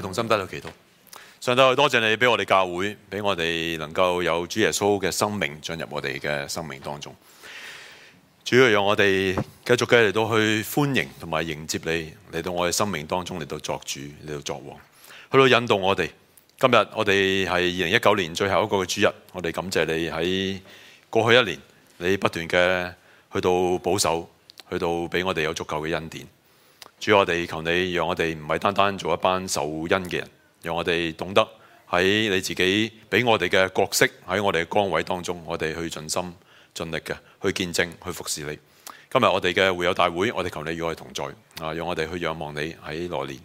同心得咗祈禱，上帝多謝你俾我哋教會，俾我哋能夠有主耶穌嘅生命進入我哋嘅生命當中。主要讓我哋繼續繼續嚟到去歡迎同埋迎接你嚟到我哋生命當中嚟到作主嚟到作王，去到引導我哋。今日我哋係二零一九年最後一個嘅主日，我哋感謝你喺過去一年你不斷嘅去到保守，去到俾我哋有足夠嘅恩典。主，我哋求你，讓我哋唔係單單做一班受恩嘅人，讓我哋懂得喺你自己俾我哋嘅角色喺我哋嘅崗位當中，我哋去盡心盡力嘅去見證去服侍你。今日我哋嘅會友大會，我哋求你與我哋同在啊！讓我哋去仰望你喺來年，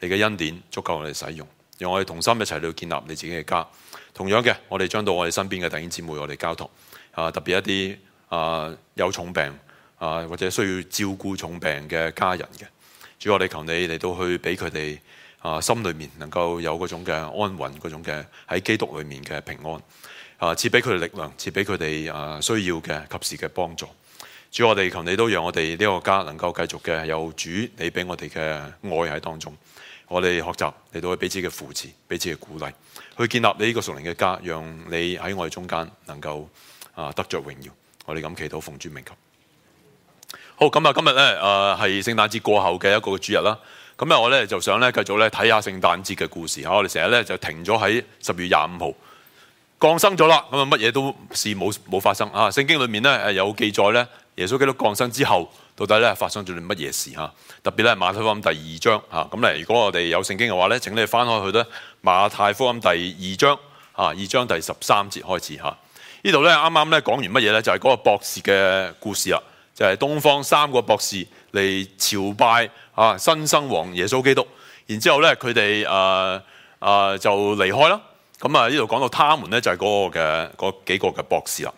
你嘅恩典足夠我哋使用，讓我哋同心一齊去建立你自己嘅家。同樣嘅，我哋將到我哋身邊嘅弟兄姊妹，我哋交託啊，特別一啲啊有重病啊或者需要照顧重病嘅家人嘅。主，我哋求你嚟到去俾佢哋啊，心裏面能夠有嗰種嘅安穩，嗰種嘅喺基督裏面嘅平安啊、呃，賜俾佢哋力量，賜俾佢哋啊需要嘅及時嘅幫助。主，我哋求你都讓我哋呢個家能夠繼續嘅有主你俾我哋嘅愛喺當中，嗯、我哋學習嚟到去彼此嘅扶持，彼此嘅鼓勵，去建立你呢個屬靈嘅家，讓你喺我哋中間能夠啊、呃、得著榮耀。我哋咁祈禱明，奉主名求。好咁啊！今日咧，誒係聖誕節過後嘅一個主日啦。咁啊，我咧就想咧繼續咧睇下聖誕節嘅故事嚇。我哋成日咧就停咗喺十月廿五號降生咗啦。咁啊，乜嘢都係冇冇發生啊？聖經裡面咧誒有記載咧，耶穌基督降生之後，到底咧發生咗啲乜嘢事嚇？特別咧馬太福音第二章嚇。咁咧，如果我哋有聖經嘅話咧，請你翻開去咧馬太福音第二章嚇，二章第十三節開始嚇。呢度咧啱啱咧講完乜嘢咧，就係、是、嗰個博士嘅故事啊！就係東方三個博士嚟朝拜啊新生王耶穌基督，然之後咧佢哋誒誒就離開啦。咁啊呢度講到他們咧就係嗰個嘅嗰幾個嘅博士啦。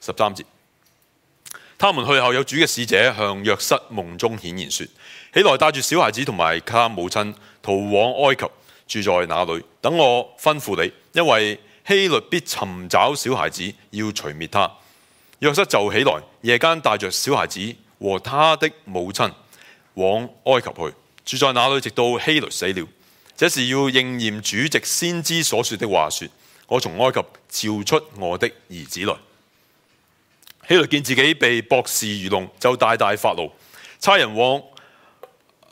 十三節，他們去後有主嘅使者向約瑟夢中顯現，説：起來帶住小孩子同埋他母親逃往埃及，住在哪裏，等我吩咐你，因為希律必尋找小孩子，要除滅他。約瑟就起來，夜間帶着小孩子和他的母親往埃及去，住在那裏，直到希律死了。這是要應驗主藉先知所說的話：說，我從埃及召出我的兒子來。希律見自己被博士愚弄，就大大發怒，差人往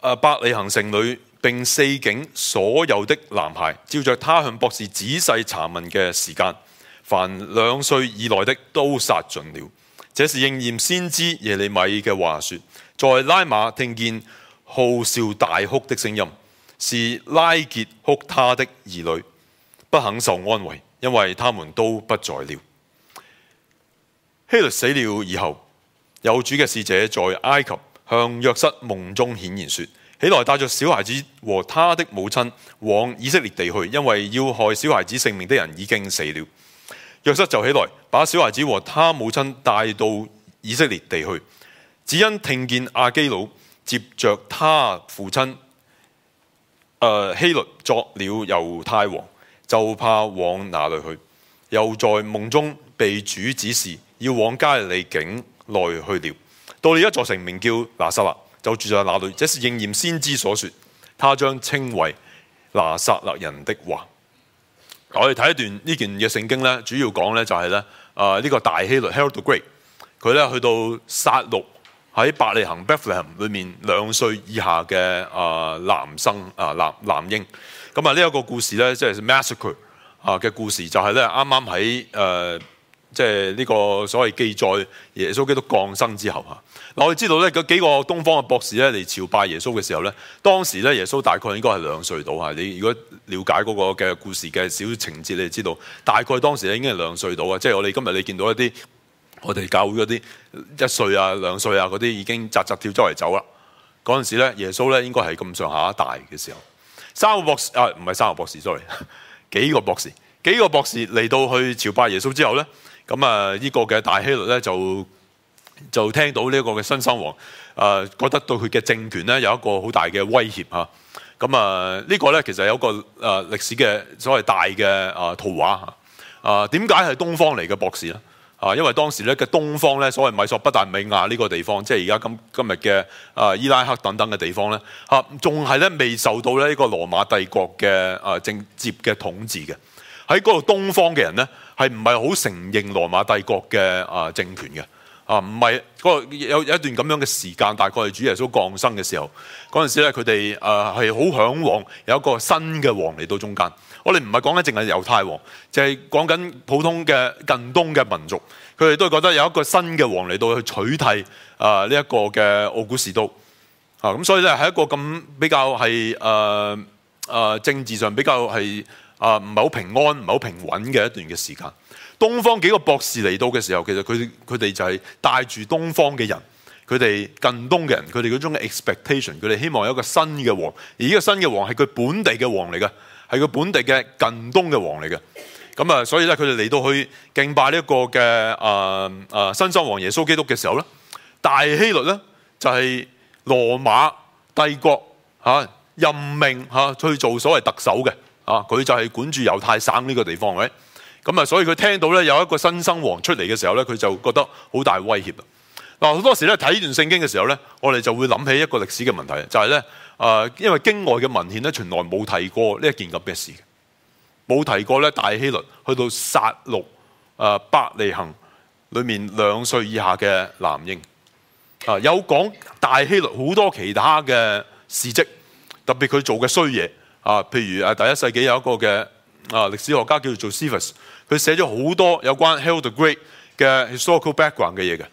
伯利恆城裏，並四境所有的男孩，照着他向博士仔細查問嘅時間，凡兩歲以來的都殺盡了。這是應驗先知耶利米嘅話說，在拉瑪聽見號笑大哭的聲音，是拉結哭他的兒女，不肯受安慰，因為他們都不在了。希律死了以後，有主嘅使者在埃及向約瑟夢中顯現說：起來，帶着小孩子和他的母親往以色列地去，因為要害小孩子性命的人已經死了。約瑟就起來，把小孩子和他母親帶到以色列地去，只因聽見亞基老接着他父親、呃，希律作了猶太王，就怕往那裏去，又在夢中被主指示要往加利利境內去了。到了一座城，名叫拿撒勒，就住在那裏。這是應驗先知所說，他將稱為拿撒勒人的話。我哋睇一段呢件嘅聖經咧，主要講咧就係、是、咧，啊、呃、呢、這個大希律 （Herod the Great），佢咧去到殺戮喺伯利恆 Bethlehem 裏面兩歲以下嘅啊、呃、男生啊、呃、男男嬰，咁啊呢一個故事咧即係 massacre 啊、呃、嘅故事就是呢，就係咧啱啱喺誒。呃即係呢個所謂記載耶穌基督降生之後嗱，我哋知道咧嗰幾個東方嘅博士咧嚟朝拜耶穌嘅時候咧，當時咧耶穌大概應該係兩歲到嚇。你如果了解嗰個嘅故事嘅少少情節，你哋知道大概當時咧已經係兩歲到啊。即係我哋今日你見到一啲我哋教會嗰啲一歲啊、兩歲啊嗰啲已經紥紥跳周圍走啦。嗰陣時咧，耶穌咧應該係咁上下大嘅時候，三個博士啊，唔係三個博士，sorry，幾個博士，幾個博士嚟到去朝拜耶穌之後咧。咁啊！呢、這個嘅大希律咧，就就聽到呢個嘅新生王啊、呃，覺得對佢嘅政權咧有一個好大嘅威脅。咁啊，這個、呢個咧其實有個誒歷、呃、史嘅所謂大嘅、呃、圖圖畫啊！點解係東方嚟嘅博士咧？啊，因為當時咧嘅東方咧，所謂米索不達米亞呢個地方，即係而家今今日嘅、呃、伊拉克等等嘅地方咧，仲係咧未受到咧呢個羅馬帝國嘅政、呃、接嘅統治嘅，喺嗰度東方嘅人咧。係唔係好承認羅馬帝國嘅啊政權嘅啊？唔係嗰個有有一段咁樣嘅時間，大概係主耶穌降生嘅時候，嗰陣時咧，佢哋啊係好嚮往有一個新嘅王嚟到中間。我哋唔係講緊淨係猶太王，就係講緊普通嘅近東嘅民族，佢哋都覺得有一個新嘅王嚟到去取締啊呢一個嘅奧古士都啊。咁所以咧係一個咁比較係啊啊政治上比較係。啊，唔係好平安，唔係好平穩嘅一段嘅時間。東方幾個博士嚟到嘅時候，其實佢佢哋就係帶住東方嘅人，佢哋近東嘅人，佢哋嗰種 expectation，佢哋希望有一個新嘅王，而呢個新嘅王係佢本地嘅王嚟嘅，係佢本地嘅近東嘅王嚟嘅。咁啊，所以咧，佢哋嚟到去敬拜呢一個嘅啊、啊新生王耶穌基督嘅時候咧，大希律咧就係、是、羅馬帝國、啊、任命、啊、去做所謂特首嘅。啊！佢就係管住猶太省呢個地方嘅，咁啊，所以佢聽到咧有一個新生王出嚟嘅時候咧，佢就覺得好大威脅嗱，好多時咧睇呢段聖經嘅時候咧，我哋就會諗起一個歷史嘅問題，就係咧，誒，因為經外嘅文獻咧，從來冇提過呢一件咁嘅事，冇提過咧大希律去到殺戮誒伯利恒裏面兩歲以下嘅男嬰，啊有講大希律好多其他嘅事蹟，特別佢做嘅衰嘢。啊，譬如啊，第一世紀有一個嘅啊歷史學家叫做 Sivers，佢寫咗好多有關 Herod the Great 嘅 historical background 嘅嘢嘅，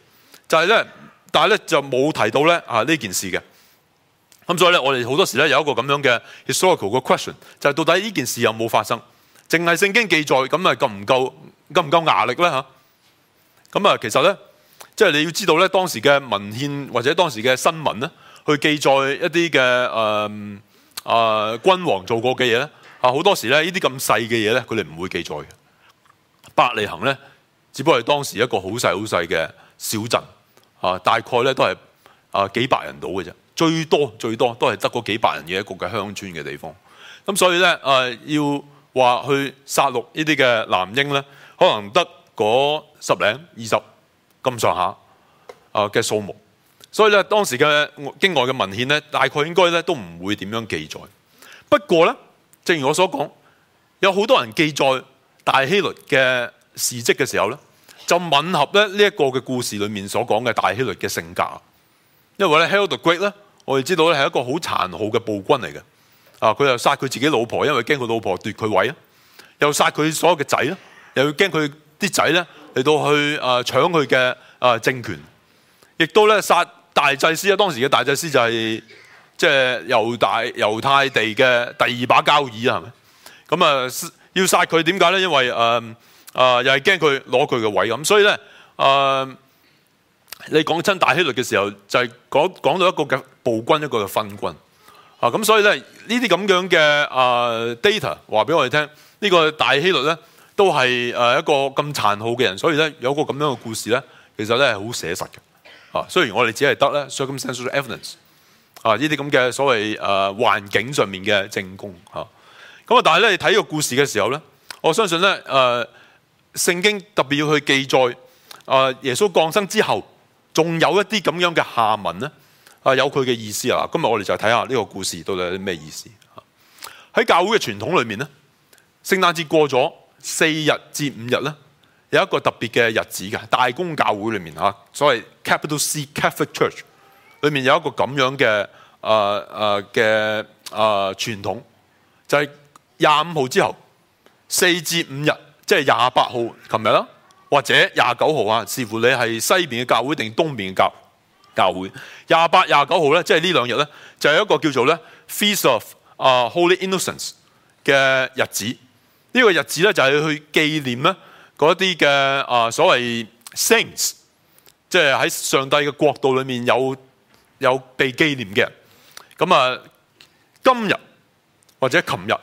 就係、是、咧，但係咧就冇提到咧啊呢、啊、件事嘅。咁所以咧，我哋好多時咧有一個咁樣嘅 historical 嘅 question，就係到底呢件事有冇發生？淨係聖經記載咁啊夠唔夠夠唔夠牙力咧嚇？咁啊，其實咧即係你要知道咧當時嘅文獻或者當時嘅新聞咧，去記載一啲嘅誒。呃啊、呃，君王做過嘅嘢咧，啊好多時咧，這些這小的東西呢啲咁細嘅嘢咧，佢哋唔會記載嘅。伯利恒咧，只不過係當時一個好細好細嘅小鎮，啊大概咧都係啊幾百人到嘅啫，最多最多都係得嗰幾百人嘅一個嘅鄉村嘅地方。咁所以咧，啊要話去殺戮呢啲嘅男嬰咧，可能得嗰十零二十咁上下的啊嘅數目。所以咧，當時嘅經外嘅文獻咧，大概應該咧都唔會點樣記載。不過咧，正如我所講，有好多人記載大希律嘅事蹟嘅時候咧，就吻合咧呢一個嘅故事裏面所講嘅大希律嘅性格。因為咧，Herod the Great 咧，我哋知道咧係一個好殘酷嘅暴君嚟嘅。啊，佢又殺佢自己老婆，因為驚佢老婆奪佢位啊，又殺佢所有嘅仔啦，又要驚佢啲仔咧嚟到去啊搶佢嘅啊政權，亦都咧殺，殺大祭司啊，當時嘅大祭司就係即係猶大猶太地嘅第二把交椅啊，係咪？咁啊，要殺佢點解咧？因為誒誒、呃呃、又係驚佢攞佢嘅位咁，所以咧誒、呃、你講親大希律嘅時候，就係講講到一個嘅暴君，一個嘅昏君啊，咁所以咧呢啲咁樣嘅啊、呃、data 話俾我哋聽，呢、這個大希律咧都係誒一個咁殘酷嘅人，所以咧有個咁樣嘅故事咧，其實咧係好寫實嘅。啊，雖然我哋只係得咧，circumstantial evidence，啊，呢啲咁嘅所謂誒環境上面嘅證供吓，咁啊，但係咧你睇個故事嘅時候咧，我相信咧誒聖經特別要去記載誒、呃、耶穌降生之後，仲有一啲咁樣嘅下文咧，啊，有佢嘅意思啊，今日我哋就睇下呢個故事到底有啲咩意思？喺教會嘅傳統裏面咧，聖誕節過咗四日至五日咧。有一個特別嘅日子嘅大公教會裏面所謂 Capital C Catholic Church 裏面有一個咁樣嘅誒誒嘅誒傳統，就係廿五號之後四至五日，即係廿八號，琴日啦，或者廿九號啊，視乎你係西邊嘅教會定東邊嘅教教會。廿八、廿九號咧，即係呢兩日咧，就有、係就係、一個叫做咧 Feast of Holy Innocents 嘅日子。呢、呢個日子咧，就係去紀念咧。嗰啲嘅啊，所謂 Saints，即係喺上帝嘅國度裏面有有被紀念嘅。咁啊，今日或者琴日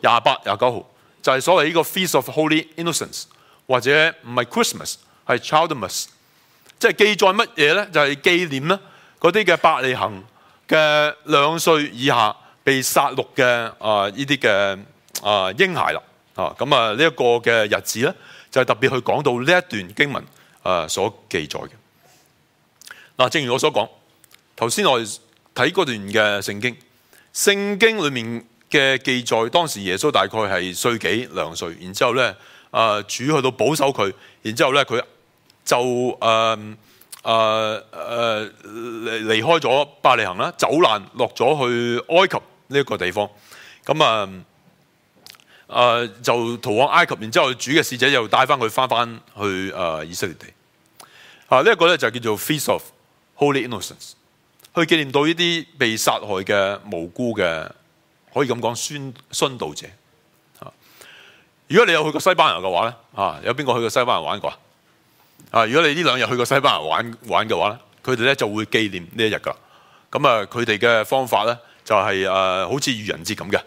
廿八廿九號就係、是、所謂呢個 Feast of Holy Innocents，或者唔係 Christmas 係 Childmas，即係記載乜嘢咧？就係、是、紀念啦，嗰啲嘅伯利恆嘅兩歲以下被殺戮嘅啊呢啲嘅啊嬰孩啦。啊，咁啊呢一個嘅日子咧，就係特別去講到呢一段經文，誒所記載嘅。嗱，正如我所講，頭先我睇嗰段嘅聖經，聖經裏面嘅記載，當時耶穌大概係歲幾兩歲，然之後咧，誒主去到保守佢，然之後咧佢就誒誒誒離開咗伯利恆啦，走難落咗去埃及呢一個地方，咁啊。呃誒、呃，就逃往埃及，然之後主嘅使者又帶翻佢翻翻去誒、呃、以色列地。啊，這個、呢一個咧就叫做 Feast of Holy Innocents 去紀念到呢啲被殺害嘅無辜嘅，可以咁講殉道者，啊。如果你有去過西班牙嘅話咧，啊，有邊個去過西班牙玩過？啊，如果你呢兩日去過西班牙玩玩嘅話咧，佢哋咧就會紀念呢一日噶。咁啊，佢哋嘅方法咧就係、是、誒、啊，好似愚人節咁嘅。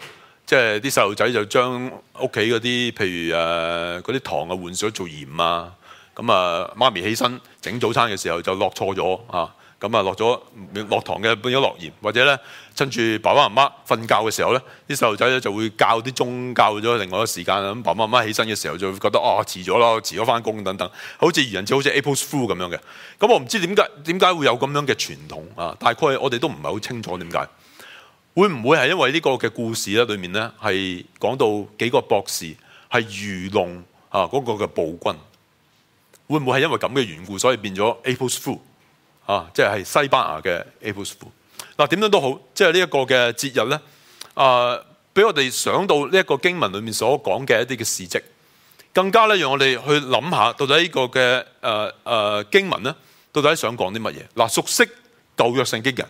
即係啲細路仔就將屋企嗰啲，譬如誒嗰啲糖啊換水做鹽啊，咁啊媽咪起身整早餐嘅時候就落錯咗啊，咁啊落咗落糖嘅半咗落鹽，或者咧趁住爸爸媽媽瞓覺嘅時候咧，啲細路仔咧就會教啲鐘教咗另外一個時間，咁爸爸媽媽起身嘅時候就會覺得啊遲咗啦，遲咗翻工等等，好似愚人節好似 April Fool 咁樣嘅，咁我唔知點解點解會有咁樣嘅傳統啊？大概我哋都唔係好清楚點解。會唔會係因為呢個嘅故事咧？裏面咧係講到幾個博士係愚弄啊嗰個嘅暴君，會唔會係因為咁嘅緣故，所以變咗 April Fool 啊？即係西班牙嘅 April Fool，啊。嗱，點樣都好，即係呢一個嘅節日咧，啊，俾我哋想到呢一個經文裏面所講嘅一啲嘅事跡，更加咧讓我哋去諗下到底呢個嘅誒誒經文咧到底想講啲乜嘢？嗱、啊，熟悉舊約聖經嘅人，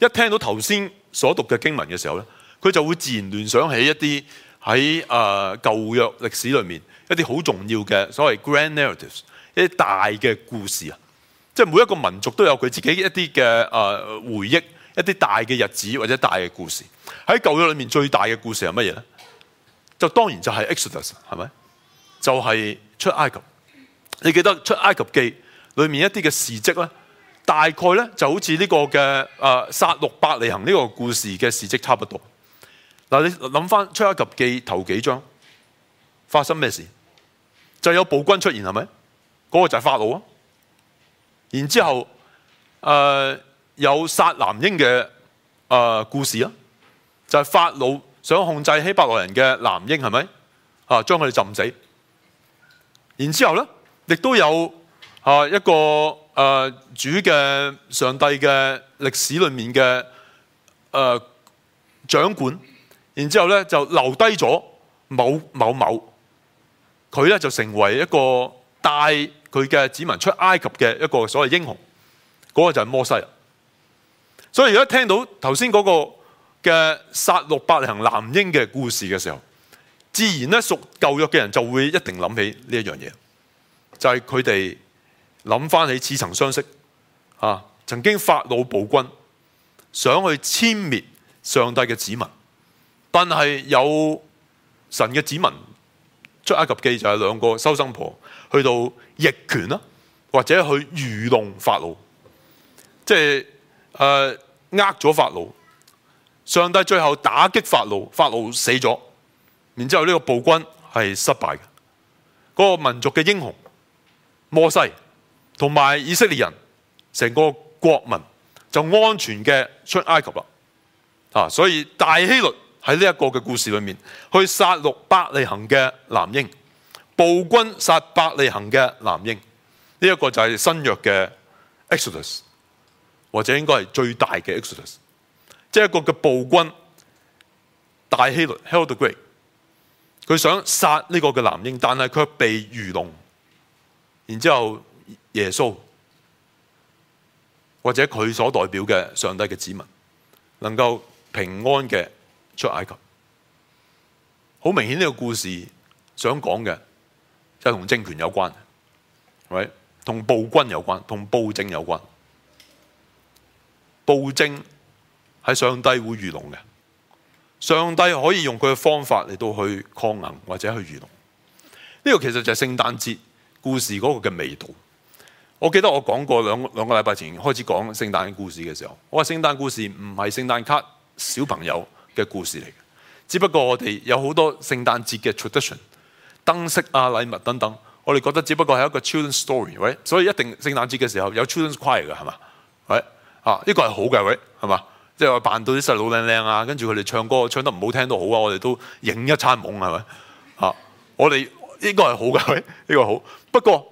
一聽到頭先。所讀嘅經文嘅時候咧，佢就會自然聯想起一啲喺誒舊約歷史裏面一啲好重要嘅所謂 grand narratives，一啲大嘅故事啊。即係每一個民族都有佢自己一啲嘅、呃、回憶，一啲大嘅日子或者大嘅故事。喺舊約裏面最大嘅故事係乜嘢咧？就當然就係 Exodus，係咪？就係出埃及。你記得出埃及記裏面一啲嘅事蹟咧？大概咧就好似呢個嘅誒殺戮伯利恆呢個故事嘅事蹟差不多。嗱、啊，你諗翻出埃及記頭幾章發生咩事？就有暴君出現係咪？嗰、那個就係法老啊。然之後誒、啊、有殺男嬰嘅誒故事啊，就係、是、法老想控制希伯來人嘅男嬰係咪？啊，將佢哋浸死。然之後咧，亦都有啊一個。誒、呃，主嘅上帝嘅歷史裏面嘅誒、呃、掌管，然之後咧就留低咗某某某，佢咧就成為一個帶佢嘅子民出埃及嘅一個所謂英雄，嗰、那個就係摩西。所以如果聽到頭先嗰個嘅殺戮伯利恆男嬰嘅故事嘅時候，自然咧屬舊約嘅人就會一定諗起呢一樣嘢，就係佢哋。.諗翻起，起似曾相識，啊！曾經法老暴君想去殲滅上帝嘅子民，但係有神嘅子民，出埃及記就係兩個收生婆去到逆權啦，或者去愚弄法老，即係誒呃咗法老。上帝最後打擊法老，法老死咗，然之後呢個暴君係失敗嘅，嗰、那個民族嘅英雄摩西。同埋以色列人成個國民就安全嘅出埃及啦，啊！所以大希律喺呢一個嘅故事裏面，去殺戮伯利恆嘅男嬰，暴君殺伯利恆嘅男嬰，呢、這、一個就係新約嘅 Exodus，或者應該係最大嘅 Exodus，即係一個嘅暴君大希律 Herod the Great，佢想殺呢個嘅男嬰，但係佢被愚弄，然之後，耶穌或者佢所代表嘅上帝嘅子民，能夠平安嘅出埃及。好明顯呢個故事想講嘅就同、係、政權有關，係咪？同暴君有關，同暴政有關。暴政係上帝會愚弄嘅，上帝可以用佢嘅方法嚟到去抗衡或者去愚弄。呢、這個其實就係聖誕節故事嗰個嘅味道。我記得我講過兩兩個禮拜前開始講聖誕嘅故事嘅時候，我話聖誕故事唔係聖誕卡小朋友嘅故事嚟。只不過我哋有好多聖誕節嘅 tradition 燈飾啊禮物等等，我哋覺得只不過係一個 children's story 喂，所以一定聖誕節嘅時候有 children's choir 嘅係嘛喂啊，呢個係好嘅喂係嘛，即係我扮到啲細佬靚靚啊，跟住佢哋唱歌唱得唔好聽都好啊，我哋都影一餐夢係咪？啊，我哋應該係好噶喂呢個好，不過。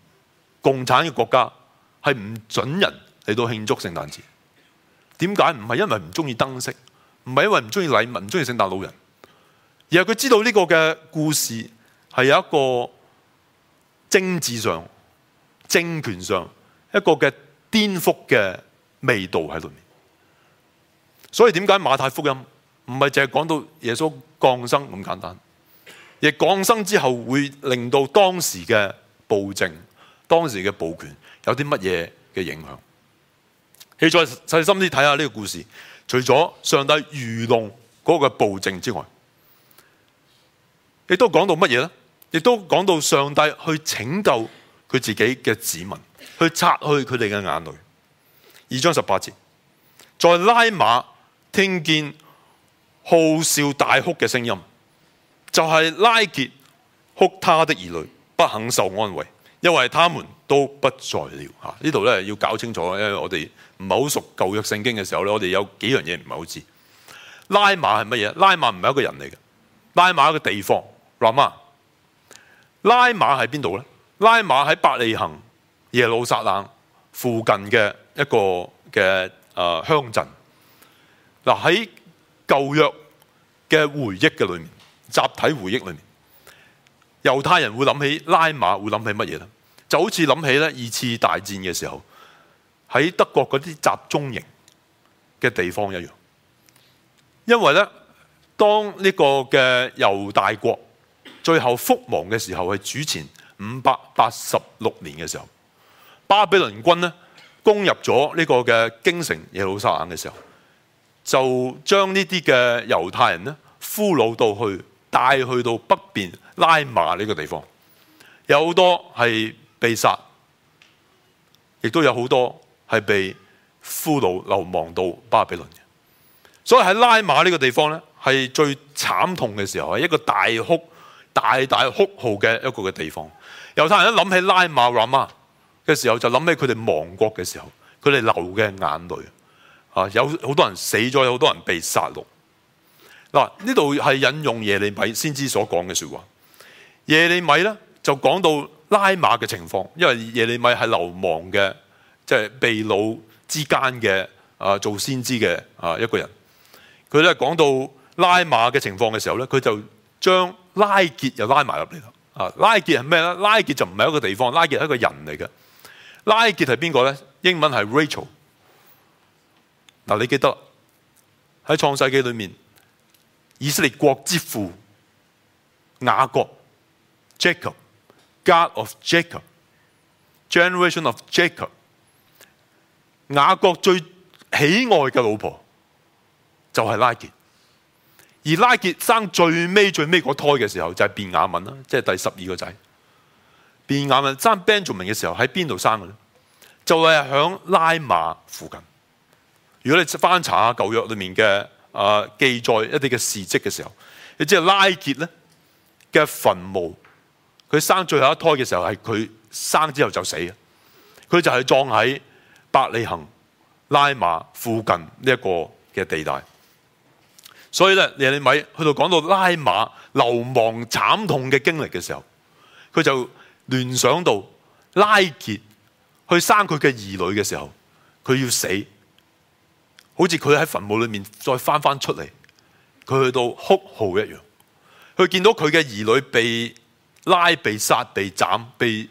共產嘅國家係唔准人嚟到慶祝聖誕節。點解唔係因為唔中意燈飾，唔係因為唔中意禮物，唔中意聖誕老人？而係佢知道呢個嘅故事係有一個政治上、政權上一個嘅顛覆嘅味道喺裏面。所以點解馬太福音唔係淨係講到耶穌降生咁簡單，而降生之後會令到當時嘅暴政，當時嘅暴權有啲乜嘢嘅影響？你再細心啲睇下呢個故事，除咗上帝愚弄嗰個暴政之外，亦都講到乜嘢呢？亦都講到上帝去拯救佢自己嘅子民，去擦去佢哋嘅眼淚。二章十八節，在拉馬聽見號咷大哭嘅聲音，就係、是、拉結哭他的兒女，不肯受安慰，因為他們都不在了，吓，呢度咧，要搞清楚，因為我哋唔係好熟舊約聖經嘅時候咧，我哋有幾樣嘢唔係好知。拉馬係乜嘢？拉馬唔係一個人嚟嘅，拉馬一個地方，拉馬，拉馬喺邊度咧？拉馬喺伯利恒耶路撒冷附近嘅一個嘅誒鄉鎮。嗱，喺舊約嘅回憶嘅裏面，集體回憶裏面。猶太人會諗起拉馬，會諗起乜嘢咧？就好似諗起咧二次大戰嘅時候，喺德國嗰啲集中營嘅地方一樣。因為咧，當呢個嘅猶大國最後覆亡嘅時候，係主前五百八十六年嘅時候，巴比倫軍咧攻入咗呢個嘅京城耶路撒冷嘅時候，就將呢啲嘅猶太人咧俘虜到去。.帶去到北邊拉馬呢個地方，有好多係被殺，亦都有好多係被俘虜流亡到巴比倫嘅。所以喺拉馬呢個地方咧，係最慘痛嘅時候，係一個大哭、大大哭號嘅一個嘅地方。猶太人一諗起拉馬拉馬嘅時候，就諗起佢哋亡國嘅時候，佢哋流嘅眼淚啊，有好多人死咗，有好多人被殺戮。嗱，呢度係引用耶利米先知所講嘅說話。耶利米咧就講到拉馬嘅情況，因為耶利米係流亡嘅，即係秘魯之間嘅啊做先知嘅啊一個人呢。佢咧講到拉馬嘅情況嘅時候咧，佢就將拉傑又拉埋入嚟啦。啊，拉傑係咩咧？拉傑就唔係一個地方，拉傑係一個人嚟嘅。拉傑係邊個咧？英文係 Rachel。嗱，你記得喺創世記裏面。以色列國之父雅各，Jacob、God of Jacob、Generation of Jacob，雅各最喜愛嘅老婆就係、是、拉結，而拉結生最尾最尾個胎嘅時候就係、是、便雅憫啦，即、就、係、是、第十二個仔。便雅憫，生 Benjamin 嘅時候喺邊度生嘅咧？就係、是、響拉馬附近。如果你翻查下舊約裏面嘅。啊！記載一啲嘅事蹟嘅時候，亦即係拉結咧嘅墳墓，佢生最後一胎嘅時候係佢生之後就死，佢就係葬喺伯利恆拉馬附近呢一個嘅地帶。所以咧，耶利米去到講到拉馬流亡慘痛嘅經歷嘅時候，佢就聯想到拉結去生佢嘅兒女嘅時候，佢要死。好似佢喺墳墓裏面再翻翻出嚟，佢去到哭號一樣，佢見到佢嘅兒女被拉、被殺、被斬、被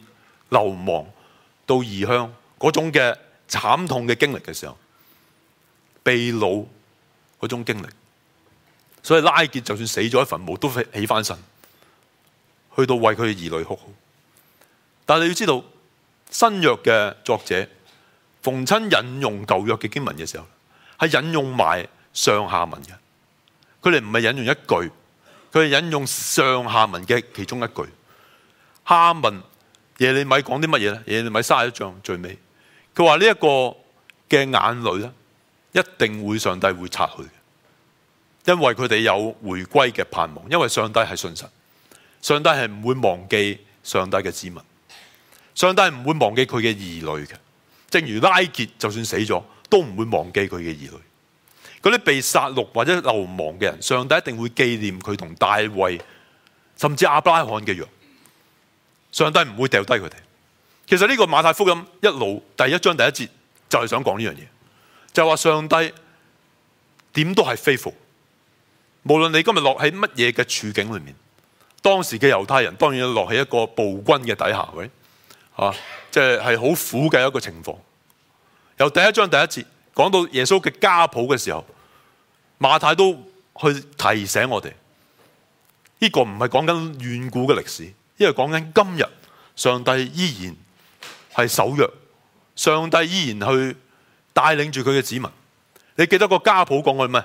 流亡到異鄉嗰種嘅慘痛嘅經歷嘅時候，被擄嗰種經歷，所以拉結就算死咗喺墳墓都起翻身，去到為佢嘅兒女哭號。但係你要知道新約嘅作者逢親引用舊約嘅經文嘅時候。係引用埋上下文嘅，佢哋唔係引用一句，佢係引用上下文嘅其中一句。下文耶利米講啲乜嘢咧？耶利米卅一章最尾，佢話呢一個嘅眼淚咧，一定會上帝會擦去嘅，因為佢哋有回歸嘅盼望，因為上帝係信實，上帝係唔會忘記上帝嘅子民，上帝唔會忘記佢嘅兒女嘅。正如拉結就算死咗。都唔會忘記佢嘅疑慮嗰啲被殺戮或者流亡嘅人，上帝一定會紀念佢同大衛，甚至亞伯拉罕嘅約。上帝唔會掉低佢哋。其實呢、這個馬太福音一路第一章第一節就係想講呢樣嘢，就係、是、話、就是、上帝點都係非符，無論你今日落喺乜嘢嘅處境裏面，當時嘅猶太人當然要落喺一個暴君嘅底下，喂，啊，即係係好苦嘅一個情況。由第一章第一節講到耶穌嘅家譜嘅時候，馬太都去提醒我哋，呢、這個唔係講緊遠古嘅歷史，因為講緊今日上帝依然係守約，上帝依然去帶領住佢嘅子民。你記得個家譜講過咩？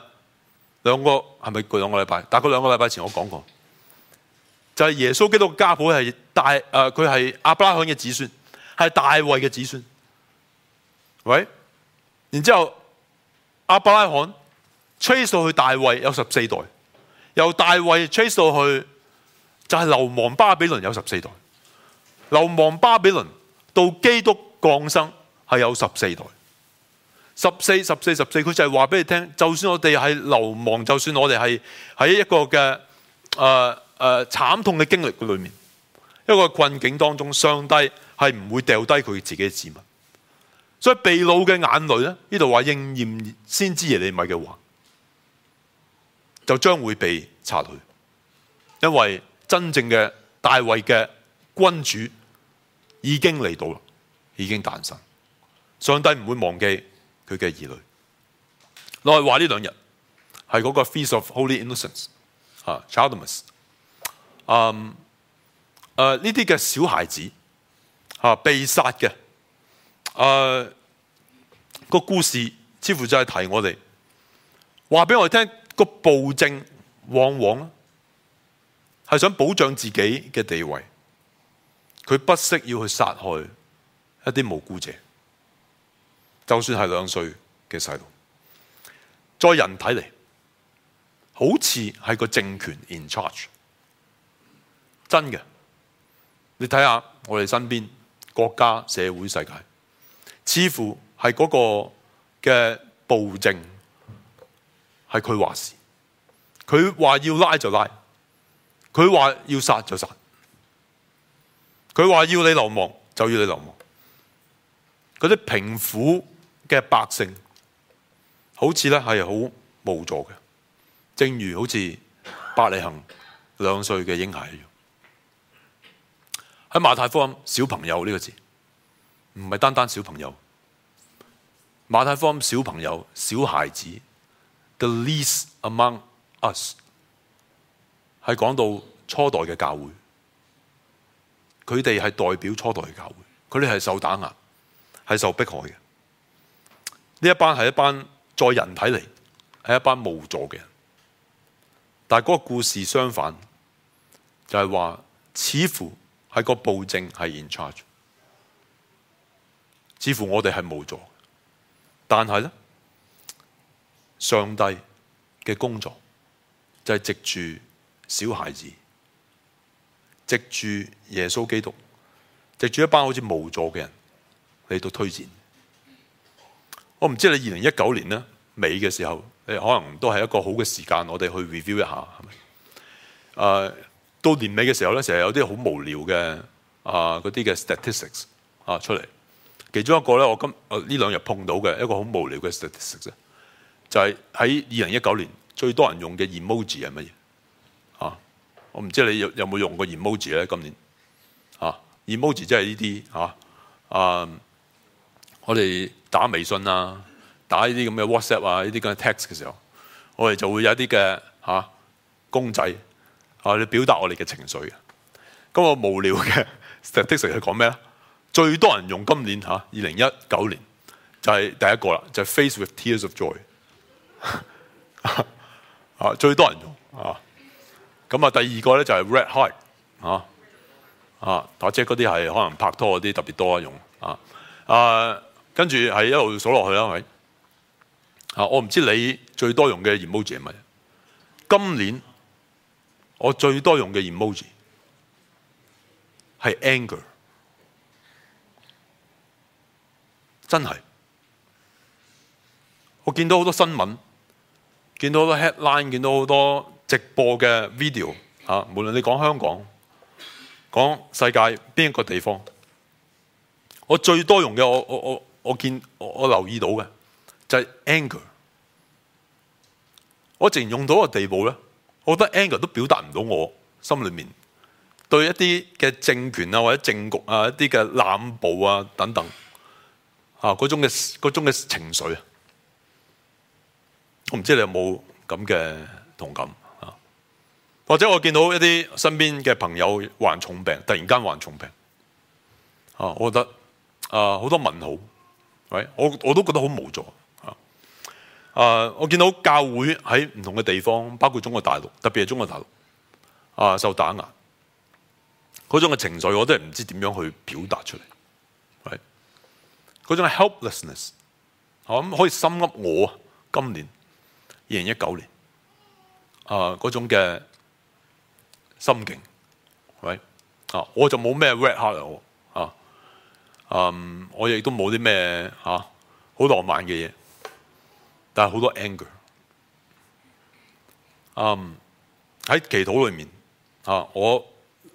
兩個係咪過兩個禮拜？大概兩個禮拜前我講過，就係、是、耶穌基督家譜係大誒，佢係亞伯拉罕嘅子孫，係大衛嘅子孫。喂，right? 然之後，阿伯拉罕追到去大衛有十四代，由大衛追到去就係流亡巴比倫有十四代，流亡巴比倫到基督降生係有十四代，十四十四十四，佢就係話俾你聽，就算我哋係流亡，就算我哋係喺一個嘅誒誒慘痛嘅經歷嘅裏面，一個困境當中，上帝係唔會掉低佢自己嘅子民。所以被擄嘅眼淚呢度話應驗先知耶利米嘅話，就將會被拆去，因為真正嘅大衛嘅君主已經嚟到了，已經誕生。上帝唔會忘記佢嘅兒女。我係話呢兩日係嗰個 Feast of Holy Innocence 啊，Childermas、嗯呃。啊，誒呢啲嘅小孩子被殺嘅。誒，uh, 個故事似乎就係提我哋話俾我哋聽，個暴政往往係想保障自己嘅地位，佢不惜要去殺害一啲無辜者，就算係兩歲嘅細路，在人睇嚟好似係個政權 in charge，真嘅，你睇下我哋身邊國家、社會、世界。似乎係嗰個嘅暴政，係佢話事，佢話要拉就拉，佢話要殺就殺，佢話要你流亡就要你流亡，嗰啲貧苦嘅百姓，好似係很好無助嘅，正如好似伯利恆兩歲嘅嬰孩一樣，喺馬太福音小朋友呢個字。唔係單單小朋友，馬太福音小朋友、小孩子，the least among us，係講到初代嘅教會，佢哋係代表初代嘅教會，佢哋係受打壓，係受迫害嘅。呢一班係一班在人睇嚟係一班無助嘅人，但係嗰個故事相反，就係話似乎係個暴政係 in charge。似乎我哋係無助，但係咧，上帝嘅工作就係藉住小孩子，藉住耶穌基督，藉住一班好似無助嘅人嚟到推薦。嗯、我唔知你二零一九年咧尾嘅時候，你可能都係一個好嘅時間，我哋去 review 一下，係咪？誒、呃，到年尾嘅時候咧，成日有啲好無聊嘅啊，嗰、呃、啲嘅 statistics 啊出嚟。其中一個咧，我今呢兩日碰到嘅一個好無聊嘅 statistics，就係喺二零一九年最多人用嘅 emoji 係乜嘢？啊，我唔知你有有冇用過 emoji 咧？今年啊，emoji 即係呢啲啊，啊，我哋打微信啊，打呢啲咁嘅 WhatsApp 啊，呢啲咁嘅 text 嘅時候，我哋就會有一啲嘅、啊、公仔啊，表達我哋嘅情緒嘅。咁個無聊嘅 statistics 係講咩咧？最多人用今年嚇二零一九年就係、是、第一個啦，就是、face with tears of joy 啊， 最多人用啊。咁啊，第二個咧就係、是、red heart 啊啊，或者嗰啲係可能拍拖嗰啲特別多用啊。啊，跟住係一路數落去啦，係咪啊？我唔知你最多用嘅 emoji 係乜？今年我最多用嘅 emoji 係 anger。真係，我見到好多新聞，見到好多 headline，見到好多直播嘅 video 啊。無論你講香港，講世界邊一個地方，我最多用嘅，我我我我見我我留意到嘅就係 anger。我淨用到個地步咧，我覺得 anger 都表達唔到我心裏面對一啲嘅政權啊或者政局啊一啲嘅濫暴啊等等。啊，嗰種嘅嗰種嘅情緒啊，我唔知你有冇咁嘅同感啊？或者我見到一啲身邊嘅朋友患重病，突然間患重病啊，我覺得啊好多問號，喂、right?，我我都覺得好無助啊！啊，我見到教會喺唔同嘅地方，包括中國大陸，特別係中國大陸啊，受打壓，嗰種嘅情緒，我都係唔知點樣去表達出嚟，係、right?。嗰種係 helplessness，啊，咁可以心噏我今年二零一九年啊，嗰種嘅心境，係、right? 啊我就冇咩 red heart 啊，嗯我亦都冇啲咩嚇好浪漫嘅嘢，但係好多 anger，嗯喺祈禱裏面啊，我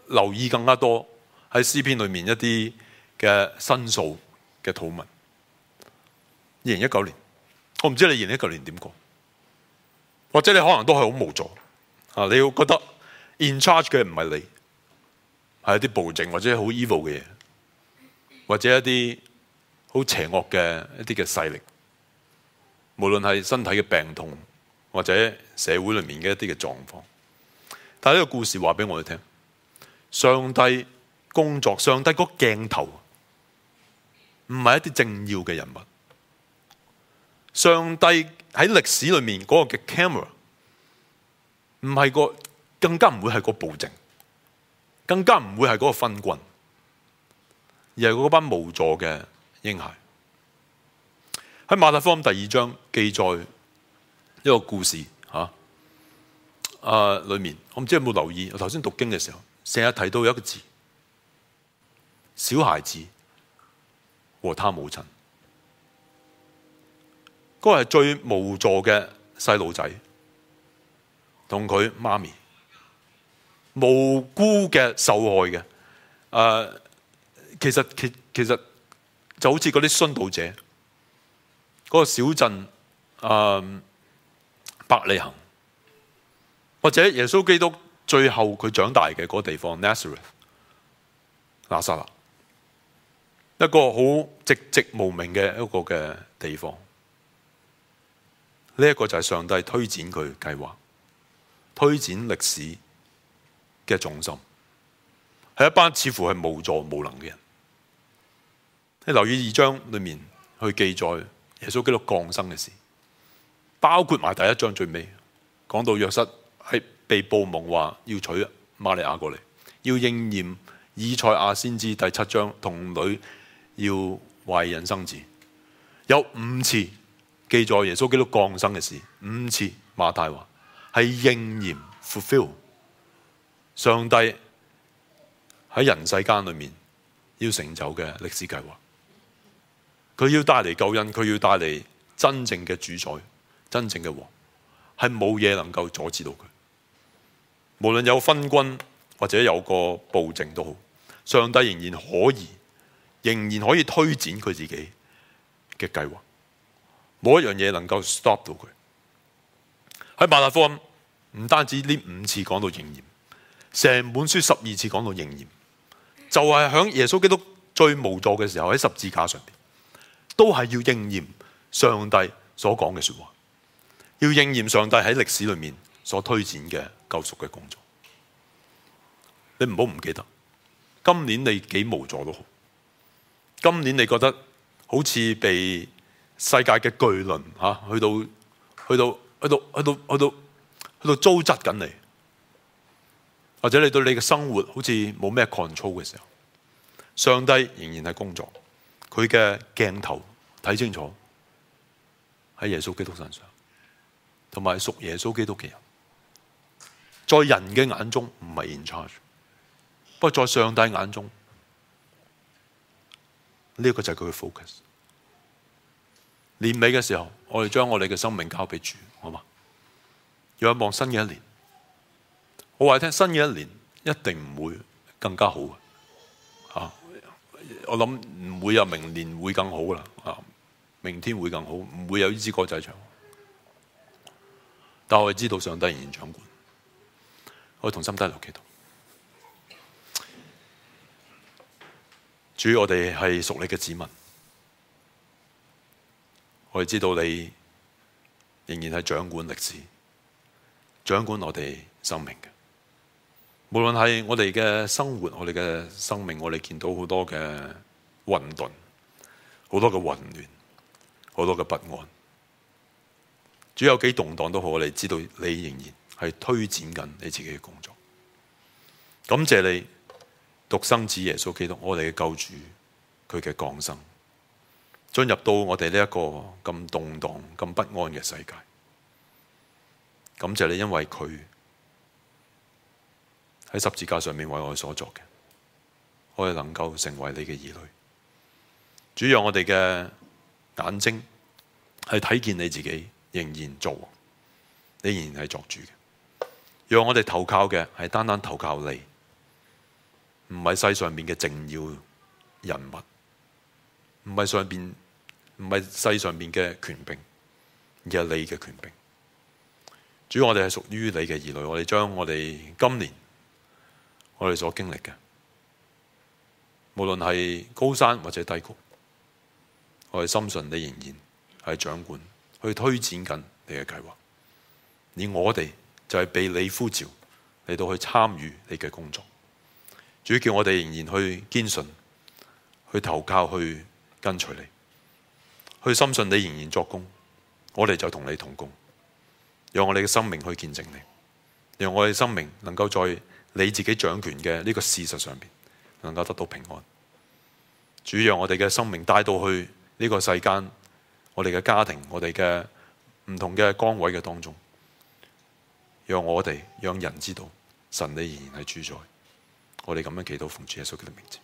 留意更加多喺詩篇裏面一啲嘅申訴。嘅土民，二零一九年，我唔知你二零一九年點過，或者你可能都係好無助，啊，你要覺得 in charge 嘅唔係你，係一啲暴政或者好 evil 嘅嘢，或者一啲好邪惡嘅一啲嘅勢力，無論係身體嘅病痛或者社會裏面嘅一啲嘅狀況，但係呢個故事話俾我哋聽，上帝工作，上帝個鏡頭。唔係一啲政要嘅人物，上帝喺歷史裏面嗰個嘅 camera，唔係個更加唔會係個暴政，更加唔會係嗰個昏君，而係嗰班無助嘅嬰孩。喺馬太福音第二章記載一個故事吓，啊裏面我唔知道有冇留意，我頭先讀經嘅時候成日提到一個字，小孩子。和他母親，嗰個係最無助嘅細路仔，同佢媽咪無辜嘅受害嘅。誒、呃，其實其其實就好似嗰啲殉道者，嗰、那個小鎮誒、呃、百里行，或者耶穌基督最後佢長大嘅嗰個地方 Nazareth 拿撒勒。一個好籍籍無名嘅一個嘅地方，呢、這、一個就係上帝推展佢計劃、推展歷史嘅重心，係一班似乎係無助無能嘅人。你留意二章裏面去記載耶穌基督降生嘅事，包括埋第一章最尾講到約瑟係被報蒙話要娶瑪利亞過嚟，要應驗以賽亞先知第七章童女。要懷孕生子，有五次記載耶穌基督降生嘅事，五次馬太話係應驗 fulfill 上帝喺人世間裏面要成就嘅歷史計劃。佢要帶嚟救恩，佢要帶嚟真正嘅主宰、真正嘅王，係冇嘢能夠阻止到佢。無論有昏君或者有個暴政都好，上帝仍然可以。仍然可以推展佢自己嘅計劃，冇一樣嘢能夠 stop 到佢。喺《馬太福音》，唔單止呢五次講到應驗，成本書十二次講到應驗，就係喺耶穌基督最無助嘅時候喺十字架上邊，都係要應驗上帝所講嘅說話，要應驗上帝喺歷史裏面所推展嘅救贖嘅工作。你唔好唔記得，今年你幾無助都好。今年你覺得好似被世界嘅巨輪，啊、去到去到去到去到去到去到糟質緊你，或者你對你嘅生活好似冇咩 control 嘅時候，上帝仍然係工作，佢嘅鏡頭睇清楚喺耶穌基督身上，同埋屬耶穌基督嘅人，在人嘅眼中唔係 in charge，不過在上帝眼中。呢個就係佢嘅 focus。年尾嘅時候，我哋將我哋嘅生命交畀主，好嘛？又望新嘅一年。我話你聽，新嘅一年一定唔會更加好的。我諗唔會有明年會更好噶啦明天會更好，唔會有呢支歌仔唱。但我係知道上帝仍然掌管，我同心底嚟祈禱。主，我哋係屬你嘅子民，我哋知道你仍然係掌管歷史、掌管我哋生命嘅。無論係我哋嘅生活、我哋嘅生命，我哋見到好多嘅混沌、好多嘅混亂、好多嘅不安。主，有幾動盪都好，我哋知道你仍然係推展緊你自己嘅工作。感謝你。獨生子耶穌基督，我哋嘅救主，佢嘅降生，進入到我哋呢一個咁動盪、咁不安嘅世界。感謝你，因為佢喺十字架上面為我哋所作嘅，我哋能夠成為你嘅兒女。主要我哋嘅眼睛係睇見你自己仍然做，你仍然係作主嘅。要我哋投靠嘅係單單投靠你。唔係世上面嘅重要人物，唔係上邊唔係世上面嘅權柄，而係你嘅權柄。主要我哋係屬於你嘅兒女，我哋將我哋今年我哋所經歷嘅，無論係高山或者低谷，我哋深信你仍然係掌管，去推展緊你嘅計劃。而我哋就係被你呼召嚟到去參與你嘅工作。主叫我哋仍然去堅信、去投靠、去跟隨你，去深信你仍然作工，我哋就同你同工，讓我哋嘅生命去見證你，讓我哋嘅生命能夠在你自己掌權嘅呢個事實上邊，能夠得到平安。主讓我哋嘅生命帶到去呢個世間，我哋嘅家庭、我哋嘅唔同嘅崗位嘅當中，讓我哋讓人知道神你仍然係主宰。我哋咁樣祈禱奉主耶穌嘅名字。